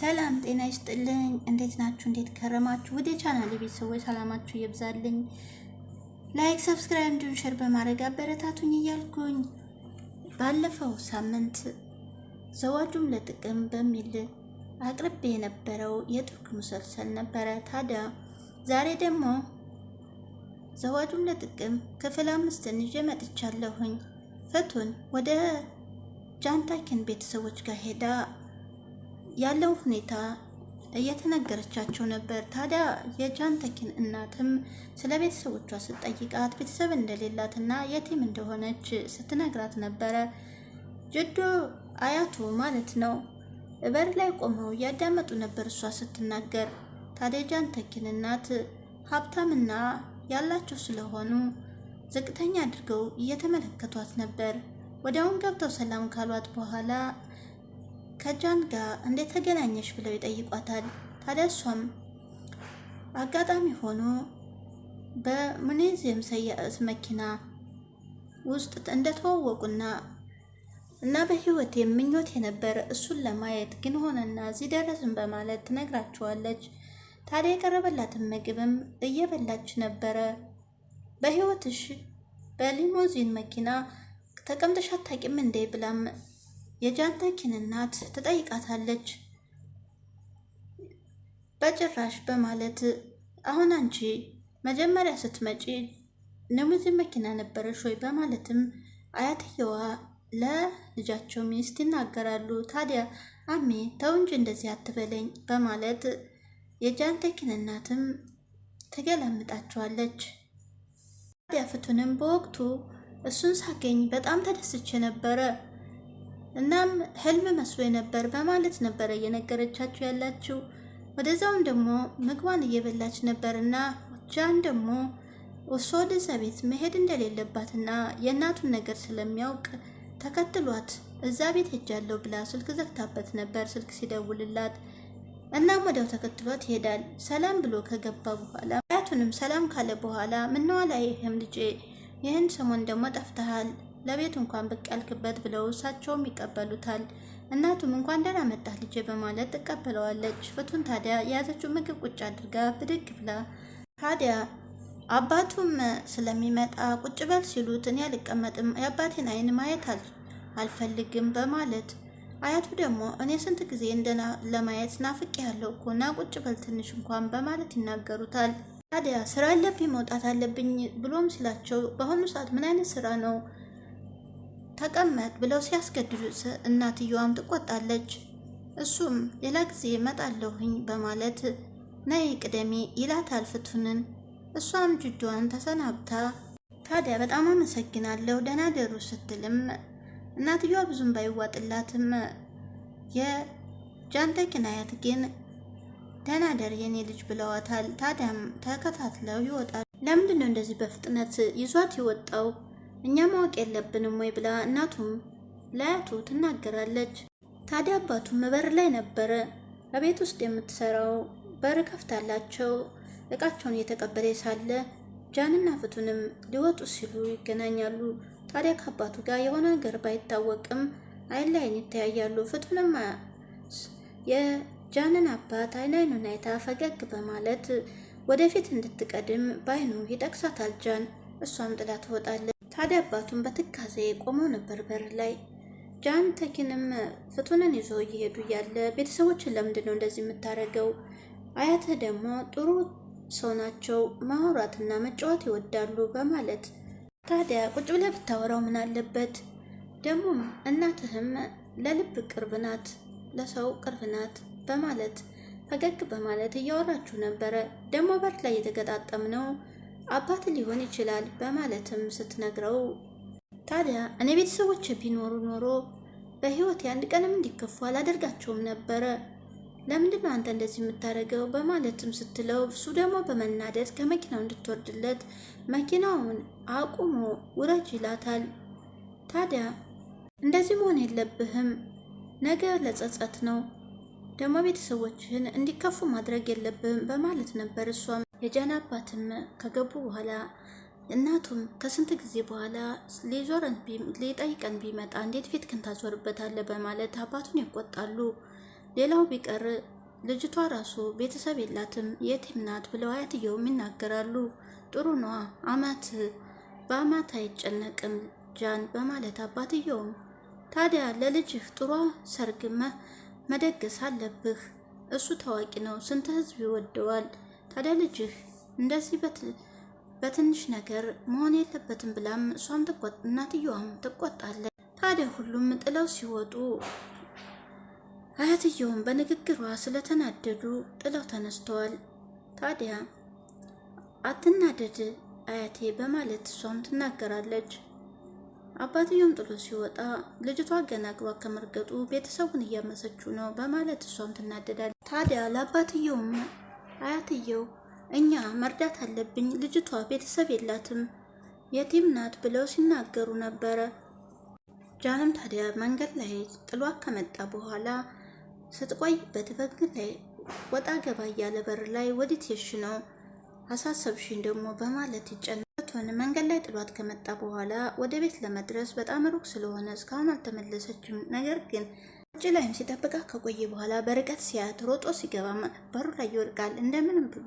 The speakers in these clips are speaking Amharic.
ሰላም ጤና ይስጥልኝ። እንዴት ናችሁ? እንዴት ከረማችሁ? ወደ ቻናል ቤተሰቦች ሰላማችሁ ይብዛልኝ። ላይክ፣ ሰብስክራይብ እንዲሁም ሼር በማድረግ አበረታቱኝ እያልኩኝ ባለፈው ሳምንት ዘዋጁም ለጥቅም በሚል አቅርቤ የነበረው የቱርክ ሙሰልሰል ነበረ። ታዲያ ዛሬ ደግሞ ዘዋጁም ለጥቅም ክፍል አምስትን ይዤ መጥቻለሁኝ። ፈቱን ወደ ጃንታኪን ቤተሰቦች ጋር ሄዳ ያለው ሁኔታ እየተነገረቻቸው ነበር። ታዲያ የጃንተኪን እናትም ስለ ቤተሰቦቿ ስትጠይቃት ቤተሰብ እንደሌላትና የቲም እንደሆነች ስትነግራት ነበረ። ጅዶ አያቱ ማለት ነው በር ላይ ቆመው እያዳመጡ ነበር እሷ ስትናገር። ታዲያ የጃንተኪን እናት ሀብታምና ያላቸው ስለሆኑ ዝቅተኛ አድርገው እየተመለከቷት ነበር። ወዲያውን ገብተው ሰላም ካሏት በኋላ ከጃን ጋር እንዴት ተገናኘሽ ብለው ይጠይቋታል። ታዲያ እሷም አጋጣሚ ሆኖ በሙኒዚየም ሰያስ መኪና ውስጥ እንደተዋወቁና እና በህይወት የምኞት የነበረ እሱን ለማየት ግን ሆነና እዚህ ደረስን በማለት ትነግራቸዋለች። ታዲያ የቀረበላትን ምግብም እየበላች ነበረ። በህይወትሽ በሊሞዚን መኪና ተቀምጠሽ አታውቂም እንዴ ብላም የጃንታኪን እናት ትጠይቃታለች። በጭራሽ በማለት አሁን አንቺ መጀመሪያ ስትመጪ ንሙዚ መኪና ነበረሽ ወይ በማለትም አያትየዋ ለልጃቸው ሚስት ይናገራሉ። ታዲያ አሜ ተው እንጂ እንደዚህ አትበለኝ በማለት የጃንተኪን እናትም ትገላምጣቸዋለች። ታዲያ ፍቱንም በወቅቱ እሱን ሳገኝ በጣም ተደስቼ ነበረ እናም ህልም መስሎ ነበር በማለት ነበረ እየነገረቻችሁ ያላችሁ። ወደዛውም ደግሞ ምግቧን እየበላች ነበርና ጃን ደግሞ እሷ ወደዛ ቤት መሄድ እንደሌለባትና የእናቱን ነገር ስለሚያውቅ ተከትሏት እዛ ቤት ሄጃለሁ ብላ ስልክ ዘግታበት ነበር። ስልክ ሲደውልላት እናም ወዲያው ተከትሏት ይሄዳል። ሰላም ብሎ ከገባ በኋላ አያቱንም ሰላም ካለ በኋላ ምነው ይህም ልጄ፣ ይህን ሰሞን ደግሞ ጠፍተሃል ለቤት እንኳን ብቅ ያልክበት ብለው እሳቸውም ይቀበሉታል። እናቱም እንኳን ደህና መጣህ ልጄ በማለት ትቀበለዋለች። ፍቱን ታዲያ የያዘችው ምግብ ቁጭ አድርጋ ብድግ ብላ ታዲያ አባቱም ስለሚመጣ ቁጭ በል ሲሉት እኔ አልቀመጥም የአባቴን አይን ማየት አልፈልግም በማለት አያቱ ደግሞ እኔ ስንት ጊዜ እንደና ለማየት ናፍቅ ያለው እኮ ና ቁጭ በል ትንሽ እንኳን በማለት ይናገሩታል። ታዲያ ስራ አለብኝ መውጣት አለብኝ ብሎም ሲላቸው በአሁኑ ሰዓት ምን አይነት ስራ ነው ተቀመጥ ብለው ሲያስገድዱት እናትየዋም ትቆጣለች። እሱም ሌላ ጊዜ መጣለሁኝ በማለት ነይ ቅደሜ ይላታል ፍቱንን። እሷም ጅዷን ተሰናብታ ታዲያ በጣም አመሰግናለሁ ደህና ደሩ ስትልም እናትየዋ ብዙም ባይዋጥላትም የጃንተኪን አያት ግን ደህና ደር የኔ ልጅ ብለዋታል። ታዲያም ተከታትለው ይወጣል። ለምንድን ነው እንደዚህ በፍጥነት ይዟት የወጣው? እኛ ማወቅ የለብንም ወይ ብላ እናቱም ለአያቱ ትናገራለች። ታዲያ አባቱም በር ላይ ነበረ በቤት ውስጥ የምትሰራው በር ከፍታላቸው እቃቸውን እየተቀበለ ሳለ ጃንና ፍቱንም ሊወጡ ሲሉ ይገናኛሉ። ታዲያ ከአባቱ ጋር የሆነ ነገር ባይታወቅም አይን ላይን ይተያያሉ። ፍቱንም የጃንን አባት አይን አይኑን አይታ ፈገግ በማለት ወደፊት እንድትቀድም ባይኑ ይጠቅሳታል ጃን። እሷም ጥላ ትወጣለች። ታዲያ አባቱን በትካዜ ቆመው ነበር በር ላይ። ጃን ተኪንም ፍቱንን ይዞ እየሄዱ እያለ ቤተሰቦችን ለምንድን ነው እንደዚህ የምታደርገው? አያትህ ደግሞ ጥሩ ሰው ናቸው፣ ማውራትና መጫወት ይወዳሉ በማለት ታዲያ ቁጭ ብለህ ብታወራው ምን አለበት? ደግሞም እናትህም ለልብ ቅርብ ናት፣ ለሰው ቅርብ ናት በማለት ፈገግ በማለት እያወራችሁ ነበረ። ደግሞ በር ላይ እየተገጣጠም ነው አባት ሊሆን ይችላል በማለትም ስትነግረው ታዲያ እኔ ቤተሰቦች ቢኖሩ ኖሮ በህይወት የአንድ ቀንም እንዲከፉ አላደርጋቸውም ነበረ። ለምንድን ነው አንተ እንደዚህ የምታደርገው? በማለትም ስትለው እሱ ደግሞ በመናደድ ከመኪናው እንድትወርድለት መኪናውን አቁሞ ውረጅ ይላታል። ታዲያ እንደዚህ መሆን የለብህም፣ ነገ ለጸጸት ነው፣ ደግሞ ቤተሰቦችህን እንዲከፉ ማድረግ የለብህም በማለት ነበር እሷም የጃን አባትም ከገቡ በኋላ እናቱም ከስንት ጊዜ በኋላ ሊዞረን ሊጠይቀን ቢመጣ እንዴት ፊትክን ታዞርበታለህ በማለት አባቱን ይቆጣሉ። ሌላው ቢቀር ልጅቷ ራሱ ቤተሰብ የላትም የቲም ናት ብለው አያትየውም ይናገራሉ። ጥሩ ነዋ አማት በአማት አይጨነቅም ጃን በማለት አባትየውም ታዲያ ለልጅህ ጥሯ ሰርግ መደገስ አለብህ። እሱ ታዋቂ ነው፣ ስንት ህዝብ ይወደዋል ታዲያ ልጅህ እንደዚህ በትንሽ ነገር መሆን የለበትም ብላም እሷም እናትየዋም ትቆጣለች። ታዲያ ሁሉም ጥለው ሲወጡ አያትየውም በንግግሯ ስለተናደዱ ጥለው ተነስተዋል። ታዲያ አትናደድ አያቴ በማለት እሷም ትናገራለች። አባትየውም ጥሎ ሲወጣ ልጅቷ ገና ግባ ከመርገጡ ቤተሰቡን እያመሰችው ነው በማለት እሷም ትናደዳለች። ታዲያ ለአባትየውም አያትየው እኛ መርዳት አለብኝ፣ ልጅቷ ቤተሰብ የላትም የቲም ናት ብለው ሲናገሩ ነበረ። ጃንም ታዲያ መንገድ ላይ ጥሏት ከመጣ በኋላ ስትቆይበት በግል ላይ ወጣ ገባ እያለ በር ላይ ወዴት የሽ ነው አሳሰብሽኝ ደግሞ በማለት ይጨነቱን። መንገድ ላይ ጥሏት ከመጣ በኋላ ወደ ቤት ለመድረስ በጣም ሩቅ ስለሆነ እስካሁን አልተመለሰችም። ነገር ግን ውጭ ላይም ሲጠብቃት ከቆየ በኋላ በርቀት ሲያት ሮጦ ሲገባ በሩ ላይ ይወድቃል። እንደምንም ብሎ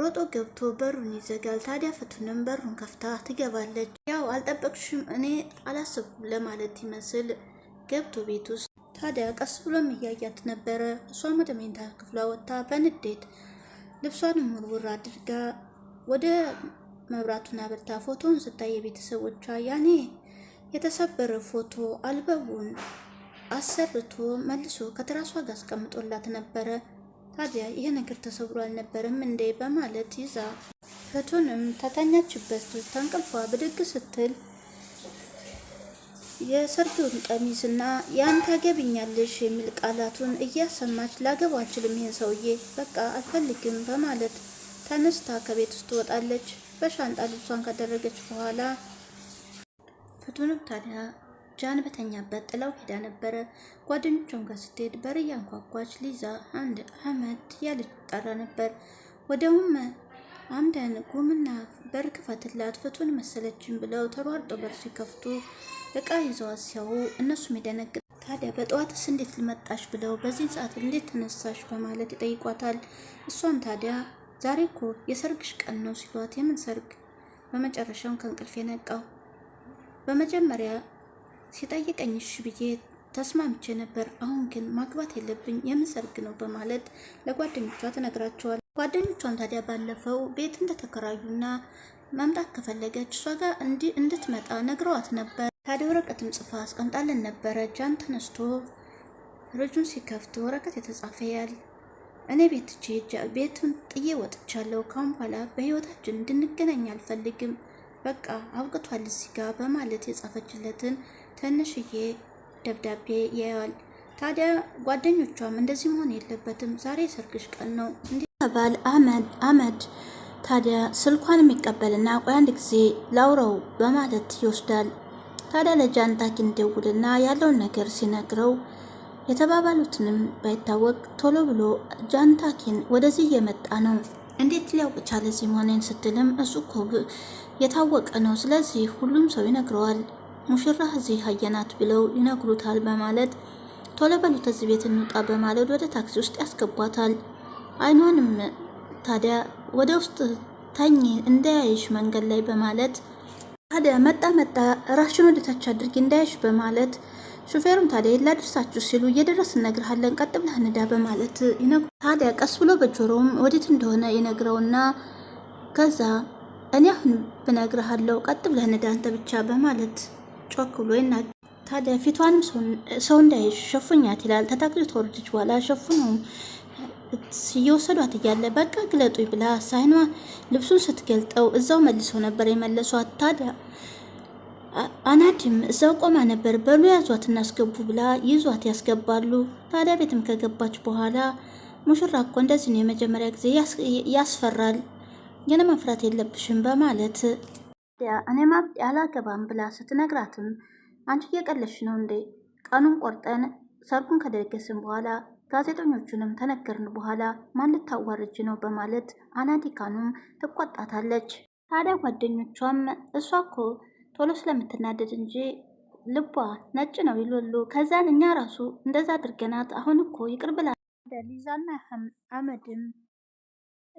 ሮጦ ገብቶ በሩን ይዘጋል። ታዲያ ፍቱንም በሩን ከፍታ ትገባለች። ያው አልጠበቅሽም እኔ አላስብኩም ለማለት ይመስል ገብቶ ቤት ውስጥ ታዲያ ቀስ ብሎም እያያት ነበረ። እሷ ወደ መኝታ ክፍሏ ወጥታ በንዴት ልብሷንም ውርውር አድርጋ ወደ መብራቱን አብርታ ፎቶውን ስታይ የቤተሰቦቿ ያኔ የተሰበረ ፎቶ አልበቡን አሰርቶ መልሶ ከትራሷ ጋር አስቀምጦላት ነበረ። ታዲያ ይሄ ነገር ተሰብሮ አልነበረም እንዴ በማለት ይዛ ፍቱንም ተተኛችበት ተንቅልፏ ብድግ ስትል የሰርጉን ቀሚስና ያን ታገብኛለሽ የሚል ቃላቱን እያሰማች ላገባ አልችልም ይህን ሰውዬ በቃ አልፈልግም በማለት ተነስታ ከቤት ውስጥ ትወጣለች። በሻንጣ ልብሷን ካደረገች በኋላ ፍቱንም ታዲያ ጃን በተኛበት ጥላው ሄዳ ነበረ። ጓደኞቿን ጋር ስትሄድ በር እያንኳኳች ሊዛ አንድ አህመድ ያልጠራ ነበር። ወደውም አምደን ጉምና በር ክፈትላት ፍቱን መሰለችን ብለው ተሯርጦ በር ሲከፍቱ እቃ ይዘዋት ሲያዩ እነሱም የደነግ ታዲያ በጠዋትስ እንዴት ልመጣሽ ብለው በዚህን ሰዓት እንዴት ተነሳሽ በማለት ይጠይቋታል። እሷም ታዲያ ዛሬ እኮ የሰርግሽ ቀን ነው ሲሏት የምን ሰርግ? በመጨረሻም ከእንቅልፍ የነቃው በመጀመሪያ ሲጠይቀኝ እሺ ብዬ ተስማምቼ ነበር። አሁን ግን ማግባት የለብኝ የምሰርግ ነው በማለት ለጓደኞቿ ትነግራቸዋል። ጓደኞቿም ታዲያ ባለፈው ቤት እንደተከራዩና መምጣት ከፈለገች እሷ ጋር እንድትመጣ ነግረዋት ነበር። ታዲያ ወረቀትም ጽፋ አስቀምጣለን ነበረ። ጃን ተነስቶ ርጁን ሲከፍት ወረቀት የተጻፈ ያል እኔ ቤት ቤቱን ጥዬ ወጥቻለሁ። ካሁን በኋላ በህይወታችን እንድንገናኝ አልፈልግም። በቃ አብቅቷል እዚህ ጋ በማለት የጻፈችለትን ትንሽዬ ደብዳቤ ያያል። ታዲያ ጓደኞቿም እንደዚህ መሆን የለበትም ዛሬ ሰርግሽ ቀን ነው እንዲህ ተባል አህመድ ታዲያ ስልኳን የሚቀበልና ቆይ አንድ ጊዜ ላውረው በማለት ይወስዳል። ታዲያ ለጃንታኪ እንደውልና ያለውን ነገር ሲነግረው የተባባሉትንም ባይታወቅ ቶሎ ብሎ ጃንታኪን ወደዚህ እየመጣ ነው እንዴት ሊያውቅ ቻለ ሲሞኔን ስትልም እሱ እኮ የታወቀ ነው፣ ስለዚህ ሁሉም ሰው ይነግረዋል ሙሽራህ እዚህ አየናት ብለው ይነግሩታል በማለት ቶሎ በሉ ተዚህ ቤት እንውጣ በማለት ወደ ታክሲ ውስጥ ያስገቧታል። አይኗንም ታዲያ ወደ ውስጥ ተኝ እንዳያይሽ መንገድ ላይ በማለት ታዲያ መጣ መጣ ራሽን ወደ ታች አድርጊ እንዳያይሽ በማለት ሹፌሩም ታዲያ ላድርሳችሁ ሲሉ እየደረስ እነግርሃለን ቀጥ ብለህ ንዳ በማለት ታዲያ ቀስ ብሎ በጆሮውም ወዴት እንደሆነ ይነግረውና ከዛ እኔ አሁን ብነግርሃለሁ ቀጥ ብለህ ንዳ አንተ ብቻ በማለት ጮክ ብሎ ታዲያ ፊቷንም ሰው እንዳይ ሸፉኛት ይላል። ተታክሎ ተወርደች በኋላ ሸፉነው እየወሰዷት እያለ በቃ ግለጡ ብላ ሳይኗ ልብሱን ስትገልጠው እዛው መልሰው ነበር የመለሷት። ታዲያ አናድም እዛው ቆማ ነበር። በሉ ያዟት እናስገቡ ብላ ይዟት ያስገባሉ። ታዲያ ቤትም ከገባች በኋላ ሙሽራ እኮ እንደዚህ ነው የመጀመሪያ ጊዜ ያስፈራል፣ የነ መፍራት የለብሽም በማለት እኔማ አላገባም ብላ ስትነግራትም አንቺ እየቀለሽ ነው እንዴ? ቀኑን ቆርጠን ሰርጉን ከደገስን በኋላ ጋዜጠኞቹንም ተነገርን በኋላ ማን ልታዋርጅ ነው በማለት አናዲካኑም ትቆጣታለች። ታዲያ ጓደኞቿም እሷ እኮ ቶሎ ስለምትናደድ እንጂ ልቧ ነጭ ነው ይሉሉ። ከዛን እኛ ራሱ እንደዛ አድርገናት አሁን እኮ ይቅር ብላ ሊዛና አመድም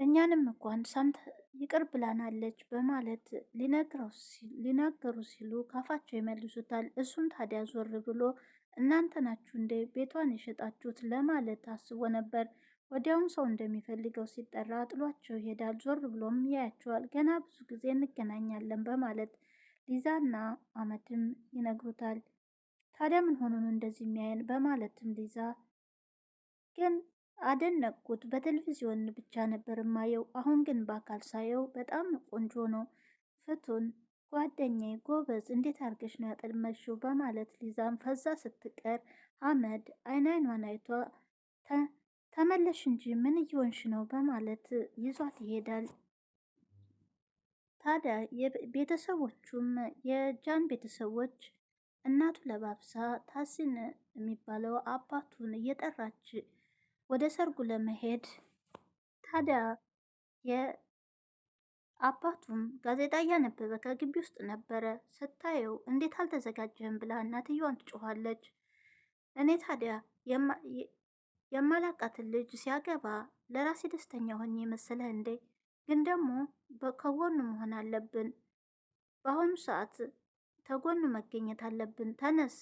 እኛንም እንኳን ሰምታ ይቅር ብላናለች በማለት ሊነገሩ ሲሉ ካፋቸው ይመልሱታል። እሱም ታዲያ ዞር ብሎ እናንተ ናችሁ እንዴ ቤቷን የሸጣችሁት ለማለት አስቦ ነበር። ወዲያውም ሰው እንደሚፈልገው ሲጠራ ጥሏቸው ይሄዳል። ዞር ብሎም ያያቸዋል። ገና ብዙ ጊዜ እንገናኛለን በማለት ሊዛና አመድም ይነግሩታል። ታዲያ ምን ሆኖ ነው እንደዚህ የሚያየን በማለትም ሊዛ ግን አደነቅኩት። በቴሌቪዥን ብቻ ነበር ማየው። አሁን ግን በአካል ሳየው በጣም ቆንጆ ነው። ፍቱን ጓደኛዬ ጎበዝ፣ እንዴት አርገሽ ነው ያጠልመሽው? በማለት ሊዛም ፈዛ ስትቀር አመድ አይናይኗን አይቷ ተመለሽ እንጂ ምን እየሆንሽ ነው? በማለት ይዟት ይሄዳል። ታዲያ ቤተሰቦቹም የጃን ቤተሰቦች እናቱ ለባብሳ ታሲን የሚባለው አባቱን እየጠራች ወደ ሰርጉ ለመሄድ ታዲያ የአባቱም ጋዜጣ እያነበበ ከግቢ ውስጥ ነበረ። ስታየው እንዴት አልተዘጋጀህም ብላ እናትየዋን ትጮኋለች። እኔ ታዲያ የማላቃትን ልጅ ሲያገባ ለራሴ ደስተኛ ሆኜ መሰለህ እንዴ? ግን ደግሞ ከጎኑ መሆን አለብን። በአሁኑ ሰዓት ከጎኑ መገኘት አለብን። ተነስ፣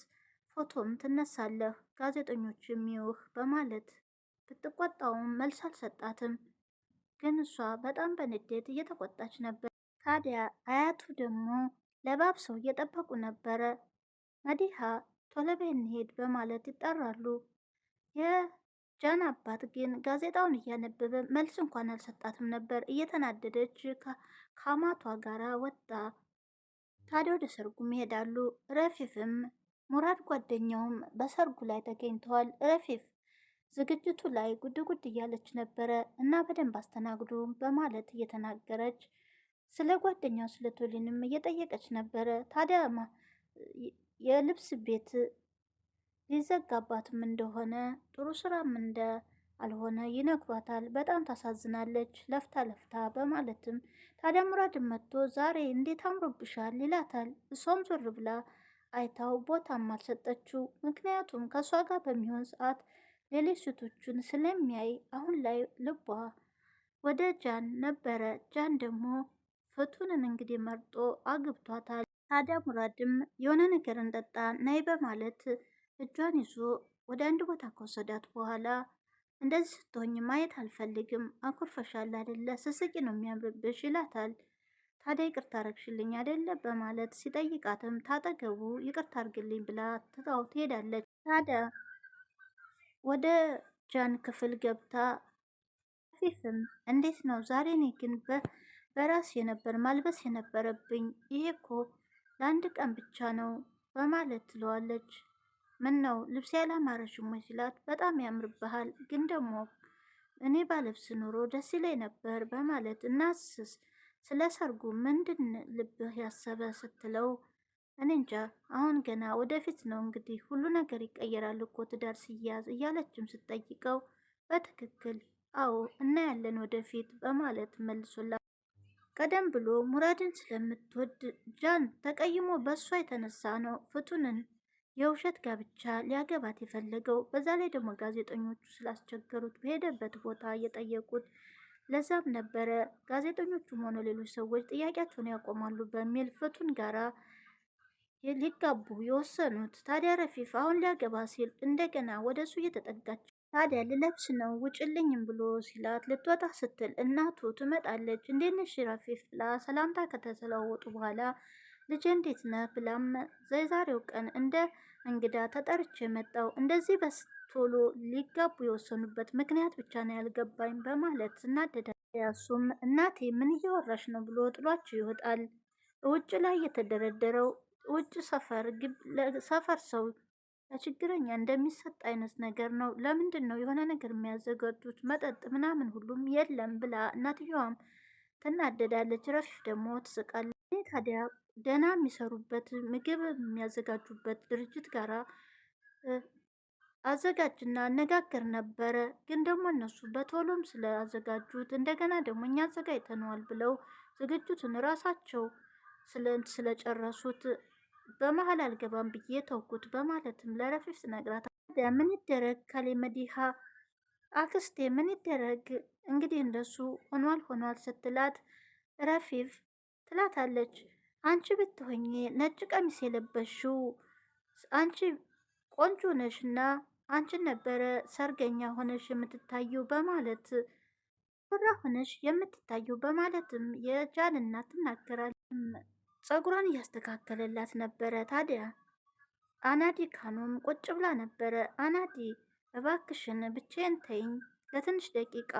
ፎቶም ትነሳለህ፣ ጋዜጠኞች የሚውህ በማለት ብትቆጣውም መልስ አልሰጣትም። ግን እሷ በጣም በንዴት እየተቆጣች ነበር። ታዲያ አያቱ ደግሞ ለባብሰው እየጠበቁ ነበረ። መዲሃ ቶሎ በይ እንሄድ በማለት ይጠራሉ። የጃን አባት ግን ጋዜጣውን እያነበበ መልስ እንኳን አልሰጣትም ነበር። እየተናደደች ከአማቷ ጋር ወጣ። ታዲያ ወደ ሰርጉም ይሄዳሉ። ረፊፍም ሙራድ ጓደኛውም በሰርጉ ላይ ተገኝተዋል። ረፊፍ ዝግጅቱ ላይ ጉድጉድ እያለች ነበረ እና በደንብ አስተናግዱ በማለት እየተናገረች ስለ ጓደኛው ስለ ቶሊንም እየጠየቀች ነበረ። ታዲያ የልብስ ቤት ሊዘጋባትም እንደሆነ ጥሩ ስራም እንደ አልሆነ ይነግሯታል። በጣም ታሳዝናለች ለፍታ ለፍታ በማለትም ታዲያ ሙራድ መጥቶ ዛሬ እንዴት አምሮብሻል ይላታል። እሷም ዞር ብላ አይታው ቦታም አልሰጠችው። ምክንያቱም ከእሷ ጋር በሚሆን ሰዓት ሌሎች ሴቶቹን ስለሚያይ አሁን ላይ ልቧ ወደ ጃን ነበረ። ጃን ደግሞ ፍቱንን እንግዲህ መርጦ አግብቷታል። ታዲያ ሙራድም የሆነ ነገር እንጠጣ ናይ በማለት እጇን ይዞ ወደ አንድ ቦታ ከወሰዳት በኋላ እንደዚህ ስትሆኝ ማየት አልፈልግም፣ አኩርፈሻል አደለ፣ ስስቂ ነው የሚያምርብሽ ይላታል። ታዲያ ይቅርታ አረግሽልኝ አደለ በማለት ሲጠይቃትም ታጠገቡ ይቅርታ አርግልኝ ብላ ትታው ትሄዳለች። ታዲያ ወደ ጃን ክፍል ገብታ አፊፍም እንዴት ነው ዛሬ? እኔ ግን በራስ ነበር ማልበስ የነበረብኝ ይሄ እኮ ለአንድ ቀን ብቻ ነው በማለት ትለዋለች። ምን ነው ልብስ ያላማረሽም ወይ ሲላት፣ በጣም ያምርብሃል፣ ግን ደግሞ እኔ ባለብስ ኑሮ ደስ ይለኝ ነበር በማለት እናስስ ስለ ሰርጉ ምንድን ልብህ ያሰበ ስትለው እኔ እንጃ አሁን ገና ወደፊት ነው እንግዲህ ሁሉ ነገር ይቀየራል እኮ ትዳር ሲያዝ እያለችም ስትጠይቀው በትክክል አዎ እናያለን ወደፊት በማለት መልሶላ ቀደም ብሎ ሙራድን ስለምትወድ ጃን ተቀይሞ በእሷ የተነሳ ነው ፍቱንን የውሸት ጋብቻ ሊያገባት የፈለገው። በዛ ላይ ደግሞ ጋዜጠኞቹ ስላስቸገሩት በሄደበት ቦታ እየጠየቁት ለዛም ነበረ ጋዜጠኞቹም ሆነ ሌሎች ሰዎች ጥያቄያቸውን ያቆማሉ በሚል ፍቱን ጋራ ሊጋቡ የወሰኑት። ታዲያ ረፊፍ አሁን ሊያገባ ሲል እንደገና ወደ እሱ እየተጠጋች ታዲያ ልለብስ ነው ውጭልኝም ብሎ ሲላት ልትወጣ ስትል እናቱ ትመጣለች። እንዴት ነሽ ረፊፍ ብላ ሰላምታ ከተለዋወጡ በኋላ ልጄ እንዴት ነህ ብላም የዛሬው ቀን እንደ እንግዳ ተጠርቼ መጣው እንደዚህ በስቶሎ ሊጋቡ የወሰኑበት ምክንያት ብቻ ነው ያልገባኝ በማለት እናደዳ ያሱም እናቴ ምን እያወራሽ ነው ብሎ ጥሏቸው ይወጣል። ውጭ ላይ የተደረደረው ውጭ ሰፈር ሰፈር ሰው ለችግረኛ እንደሚሰጥ አይነት ነገር ነው። ለምንድን ነው የሆነ ነገር የሚያዘጋጁት? መጠጥ ምናምን ሁሉም የለም ብላ እናትየዋም ትናደዳለች። ረፊፍ ደግሞ ትስቃለች። ታዲያ ደህና የሚሰሩበት ምግብ የሚያዘጋጁበት ድርጅት ጋር አዘጋጅና አነጋገር ነበረ። ግን ደግሞ እነሱ በቶሎም ስለአዘጋጁት እንደገና ደግሞ እኛ አዘጋጅተነዋል ብለው ዝግጅቱን ራሳቸው ስለጨረሱት በመሀል አልገባም ብዬ ተውኩት በማለትም ለረፊፍ ስነግራት ምን ይደረግ ካሌ መዲሃ አክስቴ ምን ይደረግ እንግዲህ እንደሱ ሆኗል ሆኗል ስትላት ረፊፍ ትላታለች። አንቺ ብትሆኚ ነጭ ቀሚስ የለበሽው አንቺ ቆንጆ ነሽና አንቺን ነበረ ሰርገኛ ሆነሽ የምትታዩ በማለት ሱራ ሆነሽ የምትታዩ በማለትም የጃን እናት ትናገራለች። ፀጉሯን እያስተካከለላት ነበረ። ታዲያ አናዲ ካኖም ቁጭ ብላ ነበረ። አናዲ እባክሽን ብቻዬን ተይኝ ለትንሽ ደቂቃ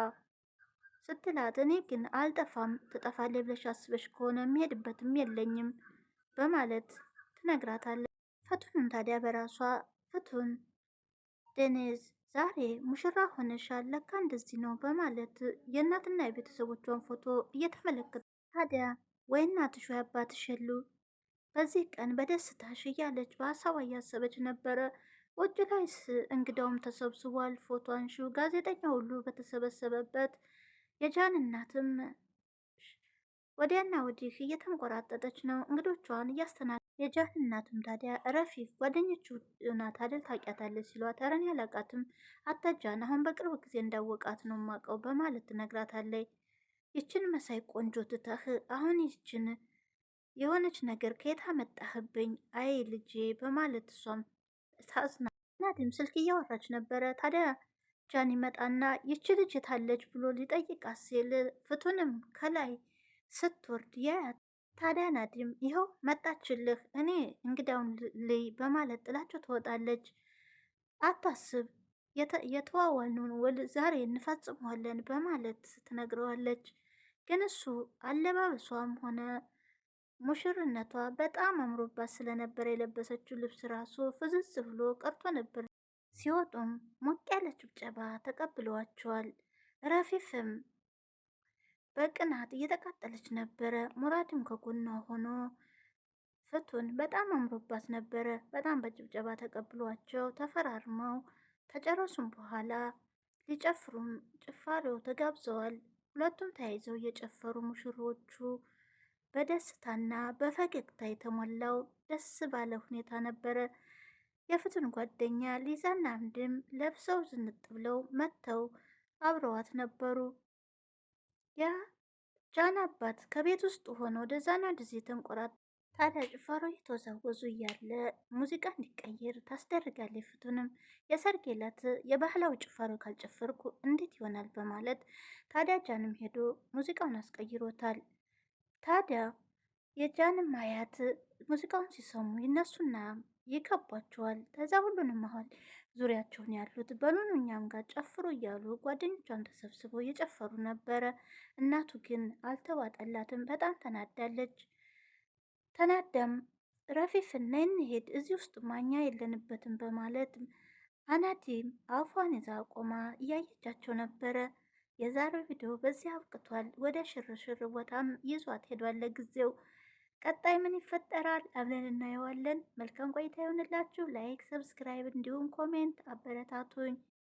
ስትላት፣ እኔ ግን አልጠፋም። ትጠፋለ ብለሽ አስበሽ ከሆነ የሚሄድበትም የለኝም በማለት ትነግራታለች። ፈቱንም ታዲያ በራሷ ፍቱን ደኔዝ ዛሬ ሙሽራ ሆነሻል ለካ እንደዚህ ነው በማለት የእናትና የቤተሰቦቿን ፎቶ እየተመለከተ ታዲያ ወይ እናትሽ ወይ አባትሽ የሉ። በዚህ ቀን በደስታሽ እያለች በሀሳቧ እያሰበች ነበረ። ውጭ ላይስ እንግዳውም ተሰብስቧል። ፎቶ አንሹ፣ ጋዜጠኛ ሁሉ በተሰበሰበበት የጃን እናትም ወዲያና ወዲህ እየተንቆራጠጠች ነው እንግዶቿን እያስተናገ የጃን እናትም ታዲያ ረፊፍ ጓደኞቹ ናት አይደል ታውቂያታለች ሲሏት ረን ያላቃትም አታጃን አሁን በቅርብ ጊዜ እንዳወቃት ነው ማቀው በማለት ትነግራታለች። ይችን መሳይ ቆንጆ ትተህ አሁን ይችን የሆነች ነገር ከየት አመጣህብኝ? አይ ልጄ በማለት እሷም ታዝና ናዲም ስልክ እያወራች ነበረ። ታዲያ ጃን ይመጣና ይች ልጅ የታለች ብሎ ሊጠይቃት ሲል ፍቱንም ከላይ ስትወርድ ያያት። ታዲያ ናዲም ይኸው መጣችልህ፣ እኔ እንግዳውን ልይ በማለት ጥላቸው ትወጣለች። አታስብ የተዋዋልነውን ውል ዛሬ እንፈጽመዋለን በማለት ትነግረዋለች። ግን እሱ አለባበሷም ሆነ ሙሽርነቷ በጣም አምሮባት ስለነበር የለበሰችው ልብስ ራሱ ፍዝዝ ብሎ ቀርቶ ነበር። ሲወጡም ሞቅ ያለ ጭብጨባ ተቀብለዋቸዋል። ረፊፍም በቅናት እየተቃጠለች ነበረ። ሙራድም ከጎኗ ሆኖ ፍቱን በጣም አምሮባት ነበረ። በጣም በጭብጨባ ተቀብሏቸው ተፈራርመው ከጨረሱም በኋላ ሊጨፍሩም ጭፋሪው ተጋብዘዋል። ሁለቱም ተያይዘው የጨፈሩ ሙሽሮቹ በደስታና በፈገግታ የተሞላው ደስ ባለ ሁኔታ ነበረ። የፍትን ጓደኛ ሊዛና አምድም ለብሰው ዝንጥ ብለው መጥተው አብረዋት ነበሩ። ጃን አባት ከቤት ውስጥ ሆኖ ወደዛና ድዜ ተንቆራጥ ታዲያ ጭፈሮ እየተወዛወዙ እያለ ሙዚቃ እንዲቀየር ታስደርጋለች። ፍቱንም የሰርጌ ዕለት የባህላዊ ጭፈሮ ካልጨፈርኩ እንዴት ይሆናል በማለት ታዲያ ጃንም ሄዶ ሙዚቃውን አስቀይሮታል። ታዲያ የጃንም አያት ሙዚቃውን ሲሰሙ ይነሱና ይከቧቸዋል። ከዛ ሁሉንም አሁን ዙሪያቸውን ያሉት በሉኑ እኛም ጋር ጨፍሩ እያሉ ጓደኞቿን ተሰብስበው እየጨፈሩ ነበረ። እናቱ ግን አልተዋጠላትም፣ በጣም ተናዳለች። ተናዳም ረፊፍና እንሄድ እዚህ ውስጥ ማኛ የለንበትም በማለት አናዲም አፏን ይዛ ቆማ እያየቻቸው ነበረ። የዛሬው ቪዲዮ በዚህ አብቅቷል። ወደ ሽርሽር ቦታም ይዟት ሄዷል ለጊዜው። ቀጣይ ምን ይፈጠራል አብረን እናየዋለን። መልካም ቆይታ ይሆንላችሁ። ላይክ፣ ሰብስክራይብ እንዲሁም ኮሜንት አበረታቱኝ።